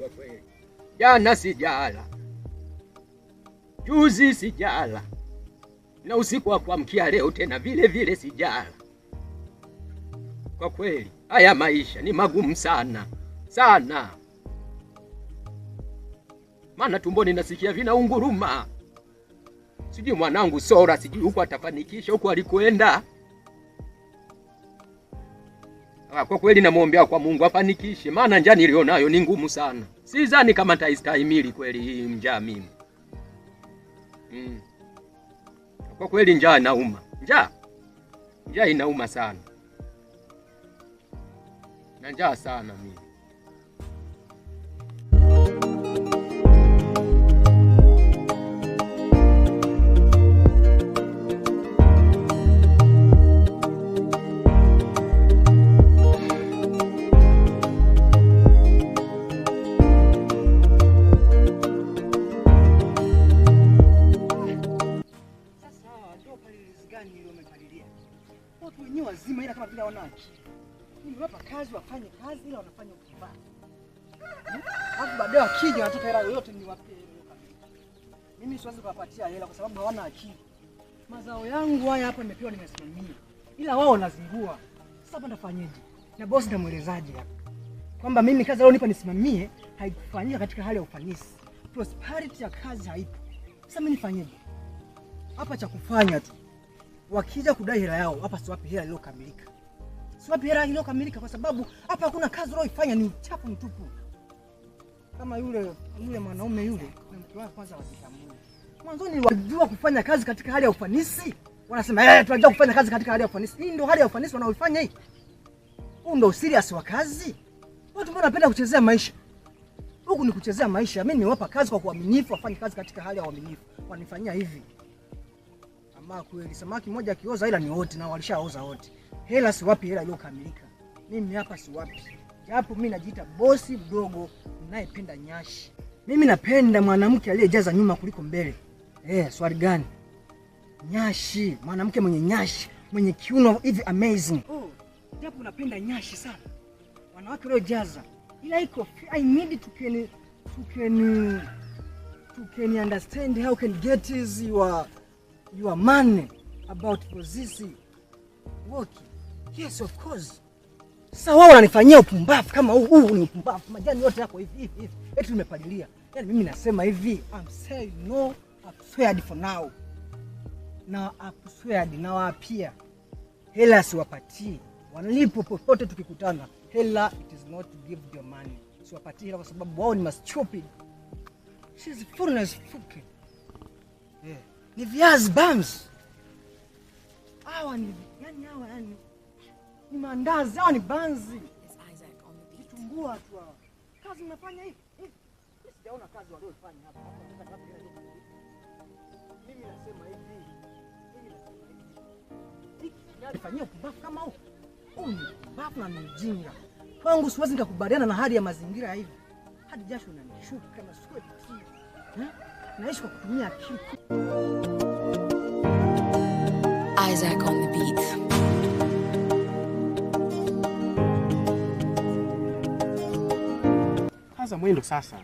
kwa kweli. Jana sijala, juzi sijala, na usiku wa kuamkia leo tena vile vile sijala. Kwa kweli haya maisha ni magumu sana sana, maana tumboni nasikia vinaunguruma. Sijui mwanangu Sora, sijui huko atafanikisha huko alikwenda. Ah, kwa kweli namwombea kwa Mungu afanikishe, maana njaa nilionayo ni ngumu sana. Sidhani kama nitaistahimili kweli hii njaa mimi. Mm. Kwa kweli njaa inauma. Njaa. Njaa inauma sana. Na njaa sana mimi. akili. Nimewapa kazi wafanye kazi, ila wanafanya ukimba. baadaye akija wanataka hela yoyote niwape. Mimi siwezi kuwapatia hela kwa sababu hawana akili. Mazao yangu haya hapa nimepewa, nimesimamia, ila wao wanazingua. Sasa hapa nafanyeje? Na bosi nitamwelezaje hapa kwamba mimi kazi leo nipa nisimamie, haikufanyika katika hali ya ufanisi, prosperity ya kazi haipo. Sasa mimi nifanyeje hapa? Cha kufanya tu wakija kudai hela yao hapa, siwapi hela iliyokamilika sababu hela iliyokamilika, kwa sababu hapa hakuna kazi unaoifanya, ni uchafu mtupu. Kama yule yule mwanaume yule na mke wake, kwanza wajitambue mwanzoni, wajua kufanya kazi katika hali ya ufanisi. Wanasema eh, tunajua kufanya kazi katika hali ya ufanisi. Hii ndio hali ya ufanisi wanaoifanya hii? Huu ndio serious wa kazi? Watu mbona wanapenda kuchezea maisha? Huku ni kuchezea maisha. Mimi niwapa kazi kwa kuaminifu, wafanye kazi katika hali ya uaminifu. Wanifanyia hivi. Ama kweli samaki moja akioza ila ni wote na walishaoza wote hela siwapi hela iliyokamilika. Mimi hapa siwapi, japo mimi najiita bosi mdogo ninayependa nyashi. Mimi napenda mwanamke aliyejaza nyuma kuliko mbele. Eh, swali gani? Nyashi, mwanamke mwenye nyashi, mwenye kiuno hivi amazing. Oh, japo napenda nyashi sana, wanawake waliojaza ila iko I need to can to can to can understand how can get is your your money about position working Yes, of course. Sasa wao wananifanyia upumbavu kama huu, huu ni upumbavu. Majani yote yako hivi hivi Eti nimepalilia. Yaani mimi nasema hivi, I'm saying no, swear for now. Na absurd na wapia. Hela siwapatii. Wanalipo popote tukikutana. Hela it is not to give your money. Siwapatii hela kwa sababu wao ni mastupid. She's foreigners fucking. Yeah. Ni viazi bums. Hawa ni yani hawa yani ni mandazi au ni banzi? Vitumbua tu hawa. Kazi mnafanya hivi Sijaona kazi waliofanya hapa. Mimi nasema hivi. kama huu. Huu ni na ni ujinga. Kwangu siwezi nikakubaliana na hali ya mazingira hivi. Hadi jasho unanishuka na kitu. Naishi kwa kutumia akili. Isaac on the beat. Kaza mwendo sasa.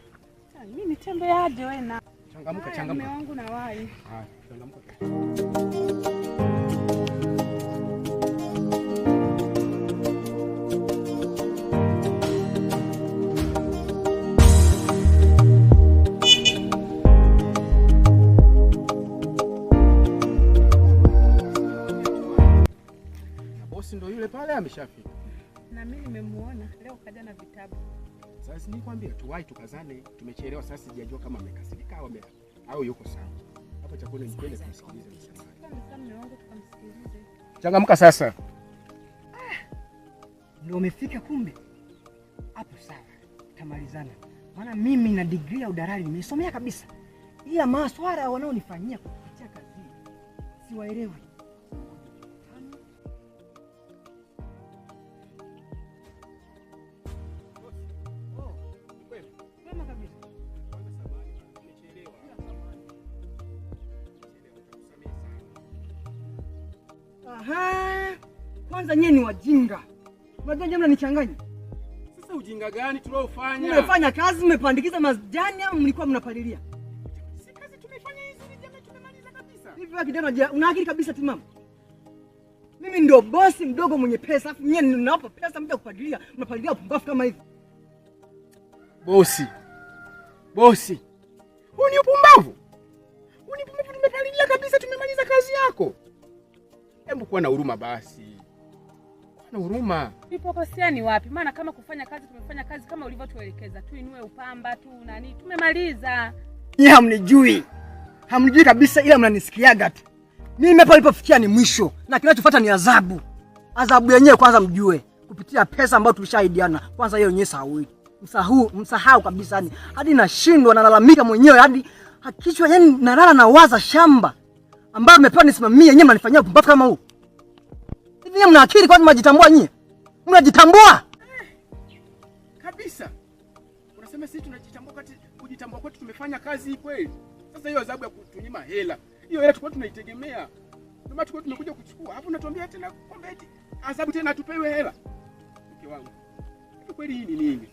Ah, mimi nitembeaje wewe na? Changamuka, changamuka. Mume wangu na wai. Haya, changamuka. Bosi ndo yule pale ameshafika. Na mimi nimemuona leo kaja na vitabu. Sasa nilikwambia tuwai tukazane, tumechelewa. Sasa sijajua kama amekasirika au au yuko sawa. Hapa cha kule nikwende kumsikiliza msemaji. Changamka sasa. Ah! Ndio umefika kumbe. Hapo sawa. Tamalizana. Maana mimi na degree ya udalali nimesomea kabisa. Ila maswara wanaonifanyia kupitia kazi siwaelewi. Kwanza nyie ni wajinga, unajua mnanichanganya. Sasa ujinga gani tuliofanya? Mmefanya kazi, mmepandikiza majani au mlikuwa mnapalilia? Si kazi tumefanya hizo, jamaa, tumemaliza kabisa. Hivi kijana, una akili kabisa timamu? Mimi ndio bosi mdogo mwenye pesa, afu nyie ninawapa pesa mja kupadilia, mnapadilia upumbavu kama hivi. Bosi, bosi, huu ni upumbavu, huu ni upumbavu. Tumepalilia kabisa, tumemaliza kazi yako. Hebu kuwa na huruma basi, kuwa na huruma. Nilipokosea ni wapi? Maana kama kufanya kazi, tumefanya kazi kama ulivyotuelekeza, tuinue upamba tu nani, tumemaliza. Nyie hamnijui, hamnijui kabisa, ila mnanisikiaga tu. Mimi hapa nilipofikia ni mwisho, na kinachofuata ni adhabu. Adhabu yenyewe kwanza mjue kupitia pesa ambayo tulishaidiana. Kwanza hiyo nyesa sawi msahau, msahau kabisa, yani hadi nashindwa na nalalamika mwenyewe, hadi kichwa yani nalala na waza shamba ambayo mmepewa nisimamie, nyinyi mnanifanyia upumbavu kama huu hivi? Nyinyi mna akili kwani? Mnajitambua nyinyi? Mnajitambua kabisa. Unasema sisi tunajitambua, kati kujitambua kwetu tumefanya kazi kweli. Sasa hiyo adhabu ya kutunyima hela, hiyo hela tulikuwa tunaitegemea, ndio maana tumekuja kuchukua, Hapo unatuambia tena kwamba eti adhabu tena tupewe hela. Mke wangu, kweli hii ni nini?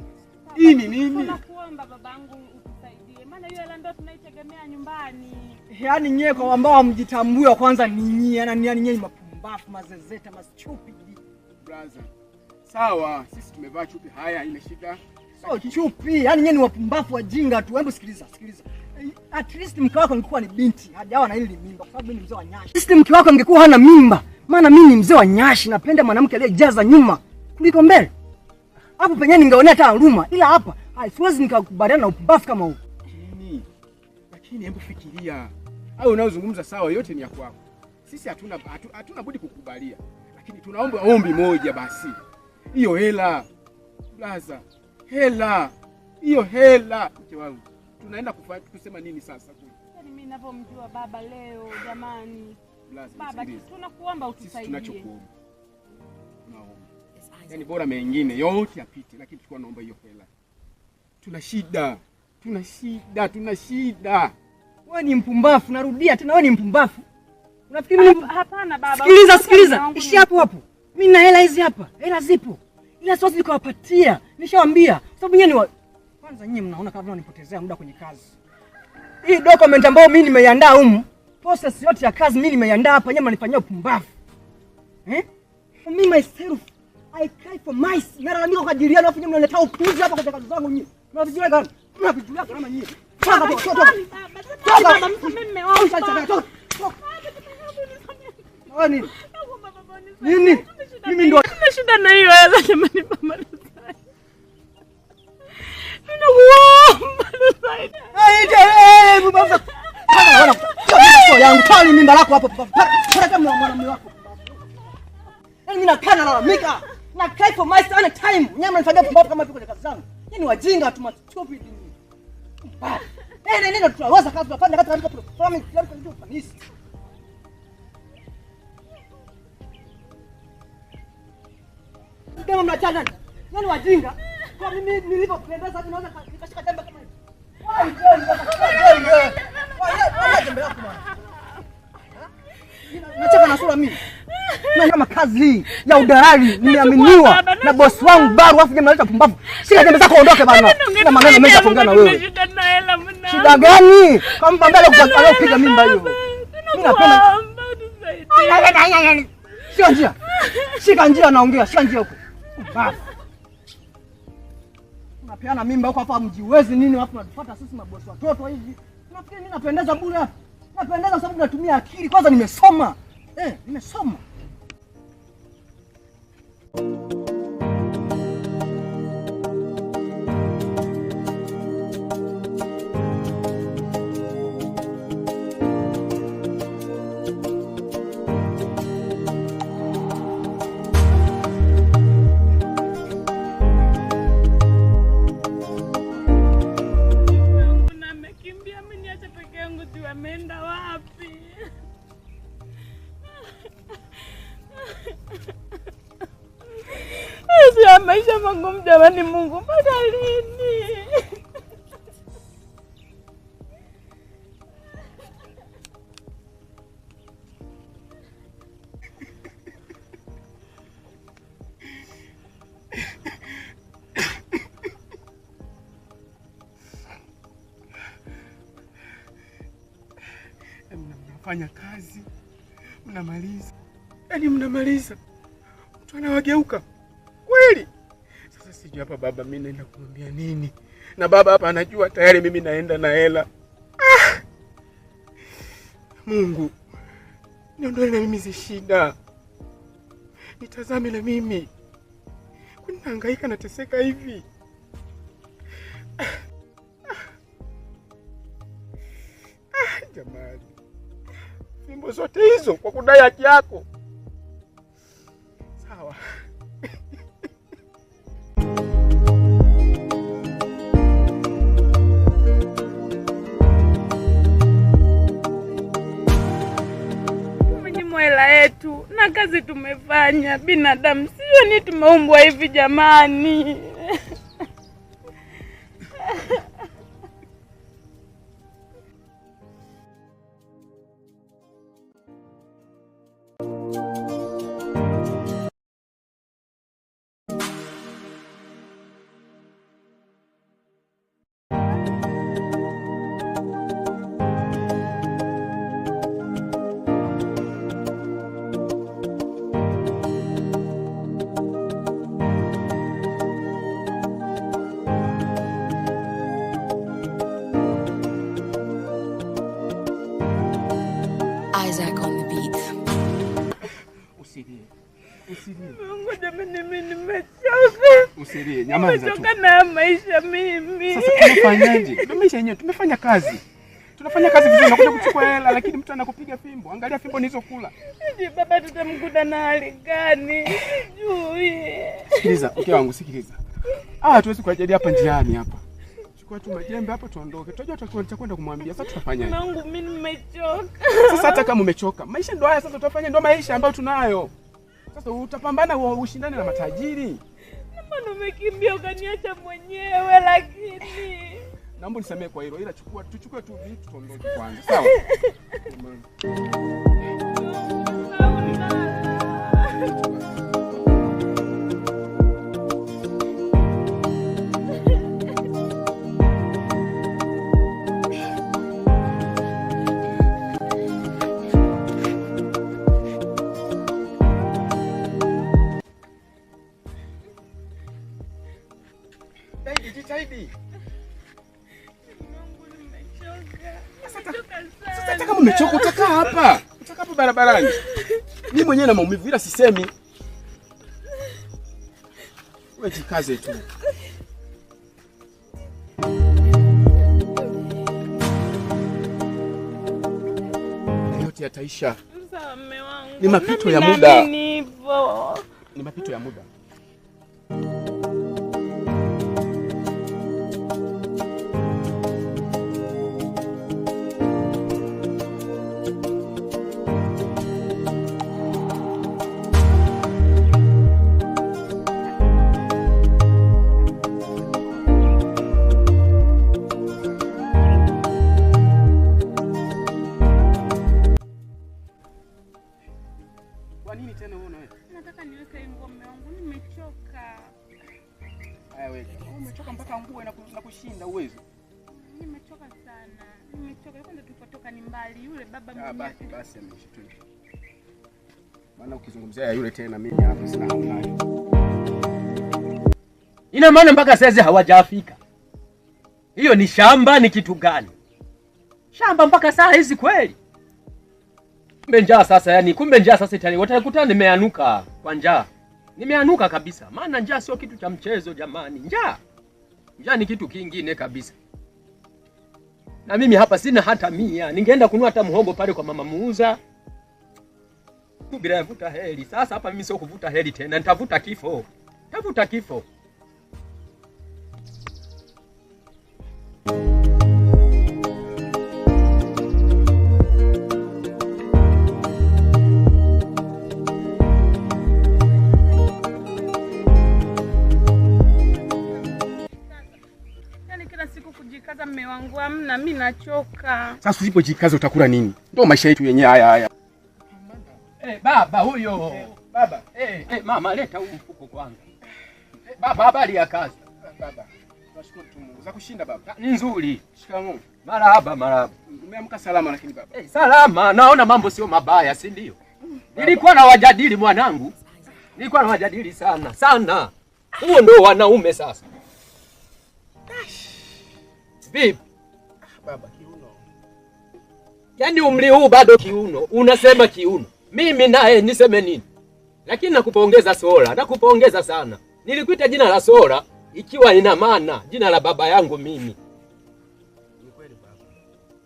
Hii ni nini? Tunakuomba babangu utusaidie maana hiyo hela ndio tunaitegemea nyumbani. Yaani nyie kwa ambao hamjitambui, wa kwanza ni nyie, yaani yaani nyie mapumbafu, mazezeta, machupi. Brother. Sawa, sisi tumevaa chupi, haya ile shida. So oh, chupi, yani nyie ni wapumbafu wajinga tu. Hebu sikiliza, sikiliza. At least mke wako angekuwa ni binti, hajawa na ile mimba kwa sababu mimi ni mzee wa nyashi. At least mke wako angekuwa hana mimba, maana mimi ni mzee wa nyashi, napenda mwanamke aliyejaza nyuma kuliko mbele. Hapo penyewe ningeonea hata huruma, ila hapa siwezi nikakubaliana na upumbafu kama huu. Lakini hebu fikiria, au unayozungumza sawa, yote ni ya kwako. Sisi hatuna hatuna budi kukubalia, lakini tunaomba ombi moja basi, hiyo hela blaza, hela hiyo hela. Mke wangu, tunaenda kusema nini sasa? Yaani mimi ninavyomjua baba leo, jamani blaza, baba, tunakuomba utusaidie. Tunachokuomba tunaomba, yaani bora mengine yote yapite, lakini tulikuwa naomba hiyo hela. Tuna shida, tuna shida, tuna shida wewe ni mpumbavu, narudia tena, wewe ni mpumbavu. Unafikiri mimi mp... Hapana baba. Sikiliza, sikiliza. Ishi hapo hapo. Mimi na hela hizi hapa. Hela zipo. Ila siwezi nikawapatia. Nishawaambia. Sababu nyinyi ni wa... Kwanza nyinyi mnaona kama mnanipotezea muda kwenye kazi. Hii document ambayo mimi nimeiandaa humu, process yote ya kazi mimi nimeiandaa hapa, nyinyi mnanifanyia upumbavu. Eh? Mimi myself I cry for mice. Nalalamika kwa ajili yenu, afu nyinyi mnaleta upuzi hapa kwa kazi zangu nyinyi. Mnavijulia gharama. Mnavijulia gharama nyinyi. Nini? Mimi ndo nimeshinda na hiyo hela jamani, mama Rusai. Ninakuomba Rusai. Eh, je, eh, baba. Kana wala. Sio yangu, pali mimba lako hapo. Kuleta mwanamume wako. Mimi nakaa nalalamika. Na cry for my son time. Nyama nifanyia pombe kama vile kazi zangu. Ni wajinga tu, stupid. Hili eh, neno tunaweza tunafanya katika yaani ufanisi. Kama mnachana nani wajinga? Kwa mimi nikashika kama hivi. Nacheka na sura mimi. kazi ya udalali nimeaminiwa na bosi wangu Baru afu jamaa pumbavu. Sina tembea zako ondoke bana. Sina maneno mengi ya kuongea na wewe. Shida gani? Kama sababu piga mimba hiyo. Mimi napenda. Sio njia. Shika njia naongea, shika njia huko. Basi. Unapeana mimba huko hapa mjiwezi nini hapo unatufuata sisi mabosi watoto hivi. Nafikiri mimi napendeza bure hapa? Napendeza sababu natumia akili. Kwanza nimesoma. Eh, nimesoma. Mungu, mjamani, Mungu, mpaka lini? Mnafanya kazi mnamaliza, yaani mnamaliza, mtu anawageuka sijui hapa baba, mimi naenda kumwambia nini? Na baba hapa anajua tayari mimi naenda na hela. Ah! Mungu niondoe na mimi zishida, nitazame na mimi kwani nahangaika nateseka hivi. Ah! Ah! Jamani, fimbo zote hizo kwa kudai haki yako. Hakuna kazi tumefanya, binadamu sio ni tumeumbwa hivi jamani. Mungu jamani, mimi nimechoka. Usilie, nyamaza tu. Nimechoka na maisha mimi. Sasa tunafanyaje? Maisha yenyewe tumefanya kazi. Tunafanya kazi vizuri, nakuja kuchukua hela lakini mtu anakupiga fimbo. Angalia fimbo nilizokula. Je, baba tutamkuta na hali gani? Sijui. Sikiliza, mke wangu sikiliza. Ah, tuwezi kuajali hapa njiani hapa. Chukua tu majembe hapo tuondoke. Tunajua tutakwenda kumwambia. Sasa tutafanya Mungu, mimi nimechoka. Sasa hata kama umechoka, maisha ndo haya sasa tutafanya ndo maisha ambayo tunayo. Sasa utapambana ushindane na matajiri. Mbona umekimbia ukaniacha mwenyewe? Lakini naomba nisamee kwa hilo, ila chukua tuchukue tu vitu tuondoke kwanza, sawa? Marani, mimi mwenyewe na maumivu ila sisemi. Wewe jikaze tu. Yote yataisha. Ni mapito ya muda. Ni mapito ya muda. kufanya uwezo? Nimechoka sana, nimechoka. Kwanza tulipotoka ni mbali, yule baba ah, mwenyewe. Basi basi, ameshitosha. Maana ukizungumzia ya yule tena, mimi hapa sina hamu nayo. Ina maana mpaka sasa hawajafika. Hiyo ni shamba, ni kitu gani? Shamba mpaka saa hizi kweli? Kumbe njaa sasa, yani kumbe njaa sasa itani. Watakuta nimeanuka kwa njaa. Nimeanuka kabisa. Maana njaa sio kitu cha mchezo jamani. Njaa Njaa ni kitu kingine kabisa. Na mimi hapa sina hata mia, ningeenda kunua hata mhogo pale kwa mama muuza. Bila kuvuta heli. Sasa hapa mimi sio kuvuta heli tena, nitavuta kifo. Nitavuta kifo. Sasa mme wangu amna, mimi nachoka. Sasa usipojikaza utakula nini? Ndio maisha yetu yenyewe haya haya. Eh, baba huyo. Hey, baba. Eh, hey, eh, mama leta huu mfuko kwangu. Hey, eh, baba habari ya kazi. Baba. Tunashukuru tu Mungu. Za kushinda baba. Ni nzuri. Shikamoo. Marahaba, marahaba. Umeamka salama lakini baba. Hey, eh, salama. Naona mambo sio mabaya, si ndio? Nilikuwa na wajadili mwanangu. Nilikuwa na wajadili sana, sana. Huo ndio wanaume sasa. Vipi? Ah, baba kiuno. Yaani umri huu bado kiuno, unasema kiuno. Mimi naye niseme nini? Lakini nakupongeza Sola, nakupongeza sana. Nilikuita jina la Sola ikiwa ina maana jina la baba yangu mimi.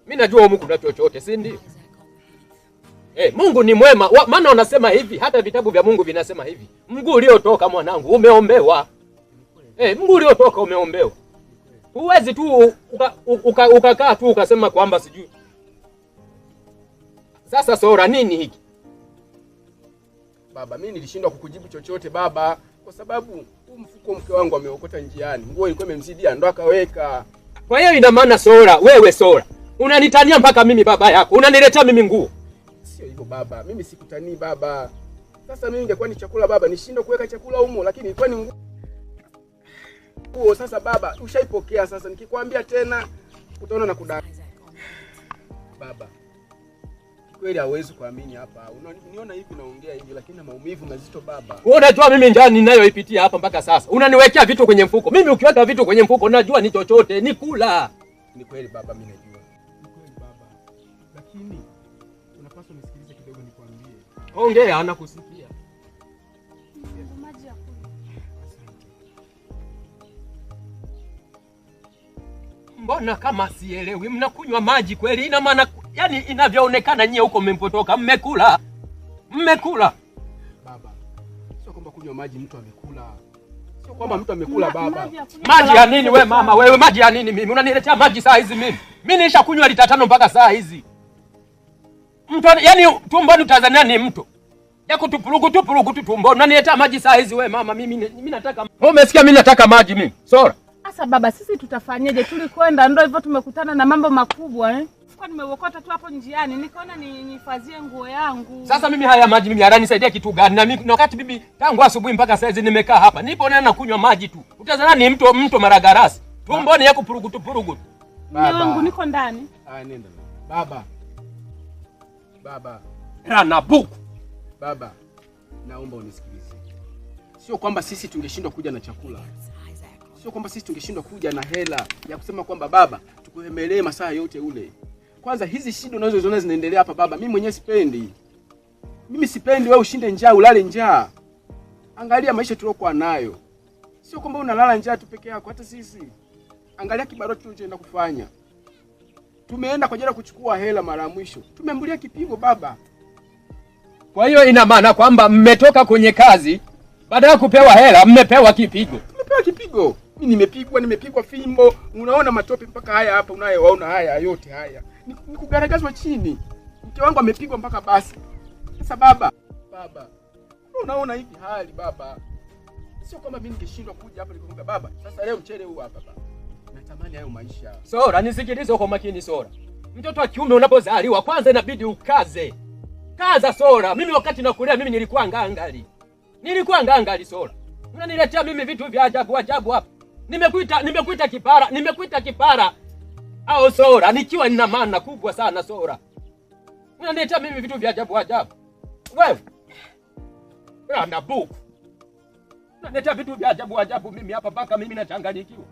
Mimi najua humu kuna chochote, si ndio? Hey, eh, Mungu ni mwema. Maana wanasema hivi, hata vitabu vya Mungu vinasema hivi. Mguu uliotoka mwanangu umeombewa. Eh, hey, mguu uliotoka umeombewa. Huwezi tu ukakaa uka, uka, tu ukasema kwamba sijui. Sasa sora nini hiki? Baba, mimi nilishindwa kukujibu chochote baba, kwa sababu huu mfuko mke wangu ameokota njiani, nguo ilikuwa imemzidia ndo akaweka. Kwa hiyo ina maana sora, wewe sora unanitania mpaka mimi baba yako, unaniletea mimi nguo? Sio hivyo baba, mimi sikutanii baba. Sasa mimi ingekuwa ni chakula baba, nishindwa kuweka chakula humo, lakini ilikuwa ni nguo nguo sasa. Baba ushaipokea sasa, nikikwambia tena utaona na kudai. Baba kweli hawezi kuamini hapa, unaniona hivi naongea hivi, lakini na maumivu mazito baba. Wewe unajua mimi njaa ninayoipitia hapa mpaka sasa, unaniwekea vitu kwenye mfuko. Mimi ukiweka vitu kwenye mfuko najua ni chochote ni kula. Ni kweli baba, mimi najua ni kweli baba, lakini unapaswa nisikilize kidogo, nikwambie. Ongea, anakusikia Mbona kama sielewi, mnakunywa maji kweli? Ina maana yani, inavyoonekana nyie huko mmepotoka, mmekula mmekula. Baba, sio kwamba kunywa maji mtu amekula, sio kwamba mtu amekula. Baba, maji ya nini? We mama wewe, maji ya nini? Mimi unaniletea maji saa hizi? Mimi mimi nisha kunywa lita tano mpaka saa hizi. Mtu yani yaani tumboni, Tanzania ni mtu yakutupurugu tupurugu tu tumboni, unaniletea maji saa hizi? We mama, mimi mimi nataka, umesikia? Mimi nataka maji mimi sora Asa baba, sisi tutafanyeje? Tulikwenda ndo hivyo, tumekutana na mambo makubwa eh? Kwa Nimeokota tu hapo njiani nikaona nifazie nguo yangu. Sasa mimi haya maji mimi yananisaidia kitu gani? Na mimi wakati bibi, tangu asubuhi mpaka saizi nimekaa hapa, nipo na nakunywa maji tu. Utazana ni mto mto maragarasi tumboni yako purugutu purugutu. Baba wangu niko ndani. Haya, nenda baba, baba rana buku baba, naomba unisikilize, sio kwamba sisi tungeshindwa kuja na chakula Sio kwamba sisi tungeshindwa kuja na hela ya kusema kwamba baba, tukuhemelee masaa yote ule. Kwanza hizi shida unazoziona zinaendelea hapa baba, mimi mwenyewe sipendi. Mimi sipendi wewe ushinde njaa, ulale njaa. Angalia maisha tuliokuwa nayo, sio kwamba unalala njaa tu peke yako, hata sisi. Angalia kibarua tulichoenda kufanya. Tumeenda kwa ajili ya kuchukua hela mara ya mwisho, tumeambulia kipigo baba. Kwa hiyo ina maana kwamba mmetoka kwenye kazi, baada ya kupewa hela mmepewa kipigo, mmepewa kipigo mimi nimepigwa, nimepigwa fimbo, unaona matope mpaka haya hapa unayoona haya yote haya nikugaragazwa chini. Mke wangu amepigwa mpaka basi. Sasa baba, baba unaona hivi hali baba, sio kwamba mimi ningeshindwa kuja hapa nikakuambia baba, sasa leo mchele huu hapa baba, natamani hayo maisha. Sora, nisikilize kwa makini Sora, mtoto wa kiume unapozaliwa kwanza inabidi ukaze kaza Sora. Mimi wakati nakulea mimi nilikuwa ngangali, nilikuwa ngangali Sora, unaniletea mimi vitu vya ajabu ajabu hapa Nimekuita nimekuita kipara, nimekuita kipara au sora, nikiwa nina maana kubwa sana sora. Unaniletea mimi vitu vya ajabu ajabu. Wewe ana buku, unaniletea vitu vya ajabu ajabu mimi hapa, mpaka mimi nachanganyikiwa.